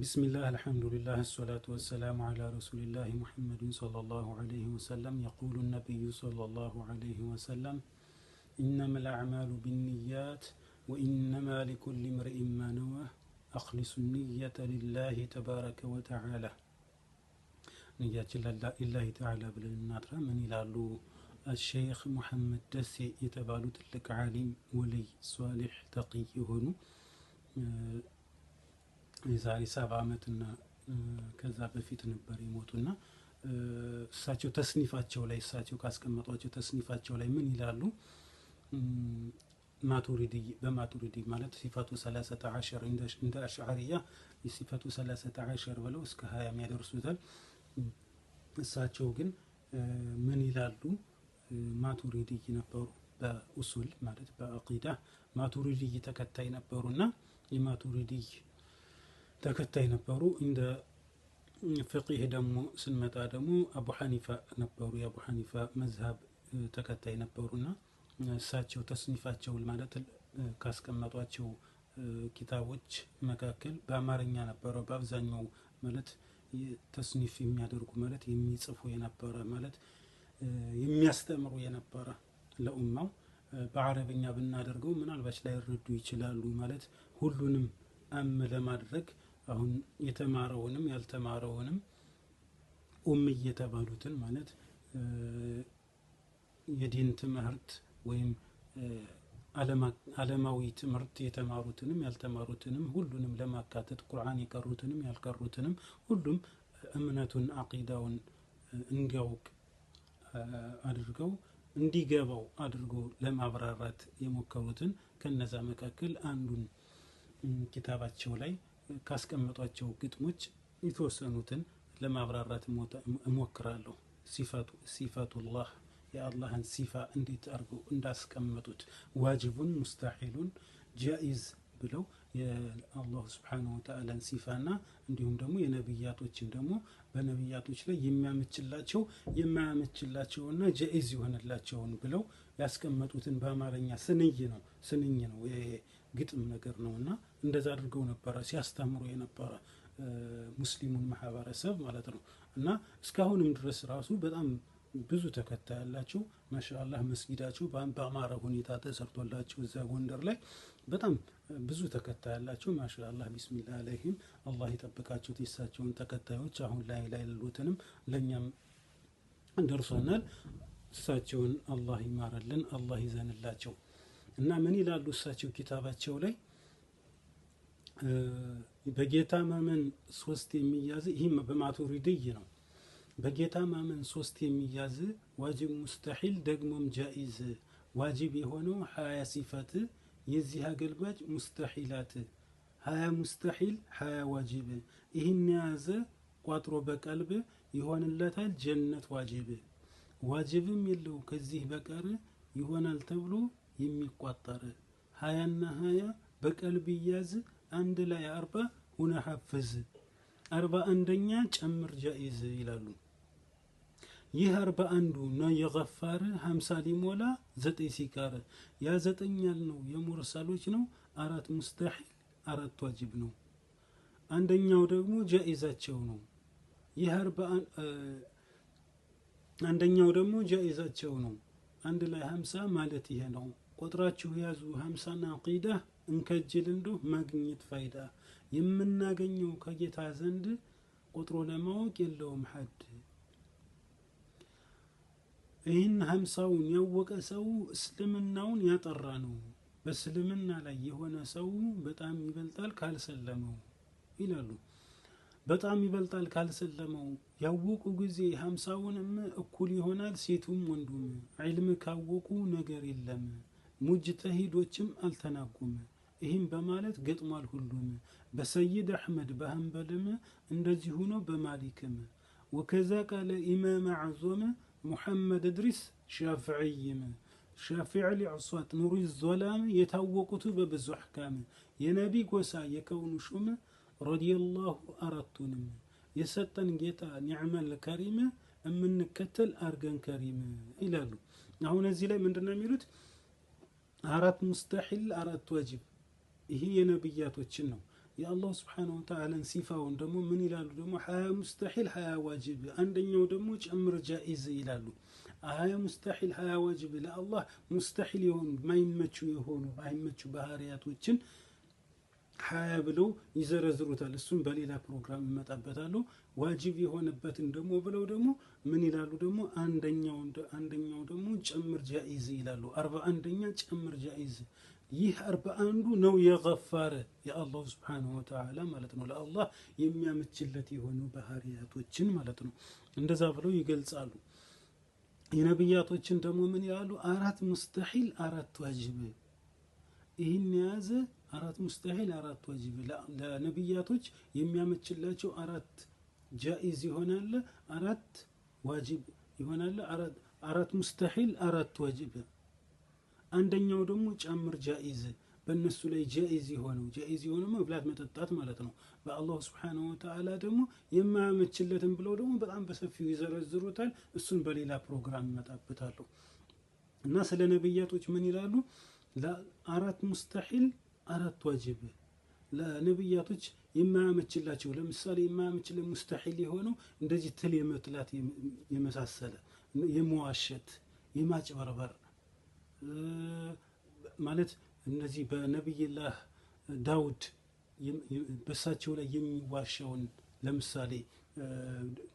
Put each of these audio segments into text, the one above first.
بسم الله الحمد لله الصلاة والسلام على رسول الله محمد صلى الله عليه وسلم يقول النبي صلى الله عليه وسلم إنما الأعمال بالنيات وإنما لكل امرئ ما نوى أخلص النية لله تبارك وتعالى نيات الله تعالى بالنادرة من إلى الشيخ محمد دسي يتبالو تلك عالم ولي صالح تقي هنو የዛሬ ሰባ ዓመትና ከዛ በፊት ነበር የሞቱና እሳቸው ተስኒፋቸው ላይ እሳቸው ካስቀመጧቸው ተስኒፋቸው ላይ ምን ይላሉ? ማቱሪዲ በማቱሪዲ ማለት ሲፋቱ ሰላሰተ አሸር እንደ አሽዓርያ ሲፈቱ ሰላሰተ አሸር ብለው እስከ ሀያም ያደርሱታል። እሳቸው ግን ምን ይላሉ? ማቱሪዲ ነበሩ በኡሱል ማለት በአቂዳ ማቱሪዲ ተከታይ ነበሩና የማቱሪዲ ተከታይ ነበሩ። እንደ ፍቂህ ደግሞ ስንመጣ ደግሞ አቡ ሐኒፋ ነበሩ። የአቡ ሐኒፋ መዝሀብ ተከታይ ነበሩና እሳቸው ተስኒፋቸው ማለት ካስቀመጧቸው ኪታቦች መካከል በአማርኛ ነበረ በአብዛኛው ማለት ተስኒፍ የሚያደርጉ ማለት የሚጽፉ የነበረ ማለት የሚያስተምሩ የነበረ ለኡማው። በአረብኛ ብናደርገው ምናልባት ላይረዱ ይችላሉ ማለት ሁሉንም አም ለማድረግ አሁን የተማረውንም ያልተማረውንም ኡም እየተባሉትን ማለት የዲን ትምህርት ወይም ዓለማዊ ትምህርት የተማሩትንም ያልተማሩትንም ሁሉንም ለማካተት ቁርአን የቀሩትንም ያልቀሩትንም ሁሉም እምነቱን አቂዳውን እንዲያውቅ አድርገው እንዲገባው አድርጎ ለማብራራት የሞከሩትን ከነዛ መካከል አንዱን ኪታባቸው ላይ ካስቀመጧቸው ግጥሞች የተወሰኑትን ለማብራራት እሞክራለሁ። ሲፋቱላህ የአላህን ሲፋ እንዴት አድርገው እንዳስቀመጡት ዋጅቡን፣ ሙስታሒሉን፣ ጃኢዝ ብለው የአላሁ ስብሓነሁ ወተዓላን ሲፋና እንዲሁም ደግሞ የነቢያቶችን ደግሞ በነቢያቶች ላይ የሚያመችላቸው የማያመችላቸውና ጃኢዝ የሆነላቸውን ብለው ያስቀመጡትን በአማርኛ ስንኝ ነው ስንኝ ነው የግጥም ነገር ነውና እንደዛ አድርገው ነበረ ሲያስተምሩ የነበረ ሙስሊሙን ማህበረሰብ ማለት ነው። እና እስካሁንም ድረስ ራሱ በጣም ብዙ ተከታይ ያላቸው ማሻአላህ መስጊዳቸው በአማረ ሁኔታ ተሰርቶላቸው እዛ ጎንደር ላይ በጣም ብዙ ተከታይ ያላቸው ማሻአላህ ቢስሚላ አለይህም አላህ ይጠብቃቸው። የሳቸውን ተከታዮች አሁን ላይ ላይ ያሉትንም ለእኛም ደርሶናል። እሳቸውን አላህ ይማረልን፣ አላህ ይዘንላቸው እና ምን ይላሉ እሳቸው ኪታባቸው ላይ በጌታ ማመን ሶስት የሚያዝ ይህም በማቱሪድይ ነው። በጌታ ማመን ሶስት የሚያዝ ዋጅብ ሙስተሒል ደግሞም ጃኢዝ። ዋጅብ የሆነው ሀያ ሲፈት የዚህ አገልባጭ ሙስተሒላት ሀያ ሙስተሒል ሀያ ዋጅብ ይህን የያዘ ቋጥሮ በቀልብ ይሆንለታል ጀነት ዋጅብ። ዋጅብም የለው ከዚህ በቀር ይሆናል ተብሎ የሚቋጠር ሀያና ሀያ በቀልብ ይያዝ አንድ ላይ አርባ ሁነ ሐፍዝ አርባ አንደኛ ጨምር ጃኢዝ ይላሉ። ይህ አርባ አንዱ ነው የገፋር ሀምሳ ሊሞላ ዘጠኝ ሲቃረ ያ ዘጠኝ ያልነው የሙርሰሎች ነው። አራት ሙስተሒል አራት ዋጅብ ነው። አንደኛው ደግሞ ጃኢዛቸው ነው። ይህ አርባ አንደኛው ደግሞ ጃኢዛቸው ነው። አንድ ላይ ሀምሳ ማለት ይሄ ነው። ቆጥራችሁ ያዙ ሀምሳና ቂዳ እንከጅልንዱ ማግኘት ፋይዳ የምናገኘው ከጌታ ዘንድ ቁጥሮ ለማወቅ የለውም ሐድ። ይህን ሀምሳውን ያወቀ ሰው እስልምናውን ያጠራ ነው። በእስልምና ላይ የሆነ ሰው በጣም ይበልጣል ካልሰለመው ይላሉ። በጣም ይበልጣል ካልሰለመው ያወቁ ጊዜ ሀምሳውንም እኩል ይሆናል ሴቱም ወንዱም። ዕልም ካወቁ ነገር የለም ሙጅተሂዶችም አልተናጉም። ይህም በማለት ገጥሟል ሁሉም በሰይድ አሕመድ በሐንበልም እንደዚህ ሆኖ በማሊክም ወከዛ ቃለ ኢማም አዞም ሙሐመድ እድሪስ ሻፍዕይም ሻፊዕ ሊዕሷት ኑሪ ዞላም የታወቁቱ በብዙ አሕካም የነቢ ጎሳ የከውኑ ሹም ረዲየላሁ አራቱንም የሰጠን ጌታ ኒዕመል ከሪም የምንከተል አርገን ከሪም ይላሉ። አሁን እዚህ ላይ ምንድን ነው የሚሉት? አራት ሙስተሒል አራት ዋጅብ ይሄ የነብያቶችን ነው የአላህ ስብሓነሁ ወተዓላን ሲፋውን ደግሞ ምን ይላሉ? ደግሞ ሀያ ሙስተሒል ሀያ ዋጅብ፣ አንደኛው ደግሞ ጨምር ጃኢዝ ይላሉ። ሀያ ሙስተሒል ሀያ ዋጅብ ለአላህ ሙስተሒል የሆኑ ማይመቹ የሆኑ ማይመቹ ባህሪያቶችን ሀያ ብለው ይዘረዝሩታል። እሱም በሌላ ፕሮግራም ይመጣበታሉ ዋጅብ የሆነበትን ደግሞ ብለው ደግሞ ምን ይላሉ? ደግሞ አንደኛው ደግሞ ጨምር ጃኢዝ ይላሉ። አርባ አንደኛ ጨምር ጃኢዝ ይህ አርባ አንዱ ነው የገፋር የአላሁ ስብሓንሁ ወተዓላ ማለት ነው። ለአላህ የሚያመችለት የሆኑ ባህሪያቶችን ማለት ነው። እንደዛ ብለው ይገልጻሉ። የነብያቶችን ደግሞ ምን ይላሉ አራት ሙስተሒል፣ አራት ዋጅብ ይህን የያዘ አራት ሙስተሒል፣ አራት ዋጅብ ለነብያቶች የሚያመችላቸው አራት ጃኢዝ ይሆናል፣ አራት ዋጅብ ይሆናል፣ አራት ሙስተሒል፣ አራት ዋጅብ አንደኛው ደግሞ ጨምር ጃኢዝ በእነሱ ላይ ጃኢዝ የሆነው ጃኢዝ የሆነ መብላት መጠጣት ማለት ነው። በአላሁ ስብሓነሁ ወተዓላ ደግሞ የማያመችለትን ብለው ደግሞ በጣም በሰፊው ይዘረዝሩታል። እሱን በሌላ ፕሮግራም ይመጣበታለሁ እና ስለ ነብያቶች ምን ይላሉ? አራት ሙስተሒል፣ አራት ዋጅብ ለነብያቶች የማያመችላቸው ለምሳሌ የማያመችለን ሙስተሒል የሆነው እንደዚህ ትል የመጥላት የመሳሰለ የመዋሸት የማጭበርበር ማለት እነዚህ በነቢይላህ ዳውድ በእሳቸው ላይ የሚዋሻውን ለምሳሌ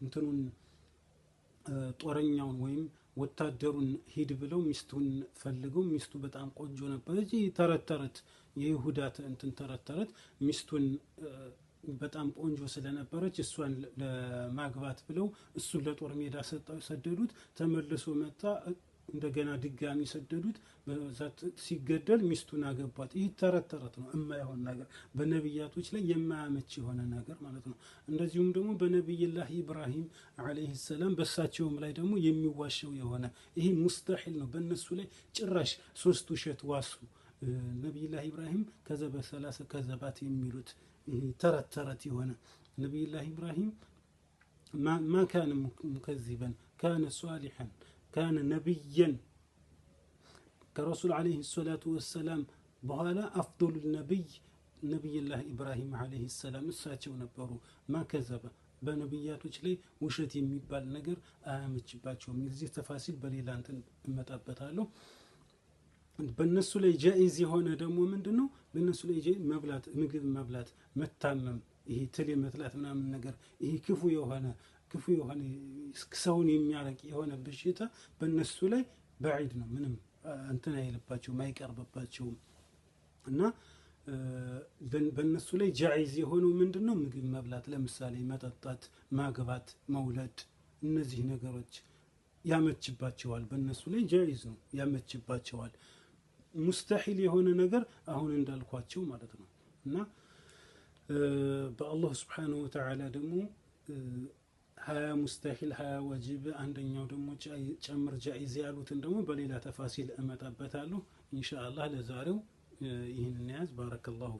እንትኑን ጦረኛውን ወይም ወታደሩን ሂድ ብለው ሚስቱን ፈልገው ሚስቱ በጣም ቆንጆ ነበር ተረት ተረተረት የይሁዳ እንትን ተረተረት ሚስቱን በጣም ቆንጆ ስለነበረች እሷን ለማግባት ብለው እሱን ለጦር ሜዳ ሰደዱት። ተመልሶ መጣ። እንደገና ድጋሚ ሰደዱት። ሲገደል ሚስቱን አገባት። ይህ ተረት ተረት ነው፣ የማይሆን ነገር በነቢያቶች ላይ የማያመች የሆነ ነገር ማለት ነው። እንደዚሁም ደግሞ በነቢይላህ ኢብራሂም ዓለይሂ ሰላም በእሳቸውም ላይ ደግሞ የሚዋሸው የሆነ ይህ ሙስተሒል ነው። በእነሱ ላይ ጭራሽ ሶስት ውሸት ዋሱ። ነቢይላህ ኢብራሂም ከዘ ሰላሰ ከዘባት የሚሉት ተረት ተረት የሆነ ነቢይላህ ኢብራሂም ማ ካነ ሙከዚበን ካነ ሷሊሐን ካነ ነቢየን ከረሱል ዓለይህ ሰላቱ ወሰላም በኋላ አፍሉ ነብይ ነቢይላህ ኢብራሂም ዓለይህ ሰላም እሳቸው ነበሩ። ማከዘበ በነቢያቶች ላይ ውሸት የሚባል ነገር አያመችባቸውም። የዚህ ተፋሲል በሌላ እንትን እመጣበታለሁ። በእነሱ ላይ ጃኢዝ የሆነ ደግሞ ምንድን ነው? በእነሱ ላይ መብላት፣ ምግብ መብላት፣ መታመም፣ ይሄ ትል መጥላት ምናምን ነገር ይሄ ክፉ የሆነ ክፉ የሆነ ሰውን የሚያረቅ የሆነ በሽታ በእነሱ ላይ በዒድ ነው። ምንም እንትን አይልባቸውም አይቀርብባቸውም። እና በእነሱ ላይ ጃይዝ የሆነው ምንድን ነው? ምግብ መብላት፣ ለምሳሌ መጠጣት፣ ማግባት፣ መውለድ፣ እነዚህ ነገሮች ያመችባቸዋል። በእነሱ ላይ ጃይዝ ነው፣ ያመችባቸዋል። ሙስተሒል የሆነ ነገር አሁን እንዳልኳቸው ማለት ነው እና በአላሁ ስብሓነሁ ወተዓላ ደግሞ ሀያ ሙስተሂል ሀያ ወጂብ አንደኛው ደግሞ ጨምር ጃይዝ ያሉትን ደግሞ በሌላ ተፋሲል እመጣበታለሁ። ኢንሻ አላህ ለዛሬው ይህንን ያዝ። ባረከላሁ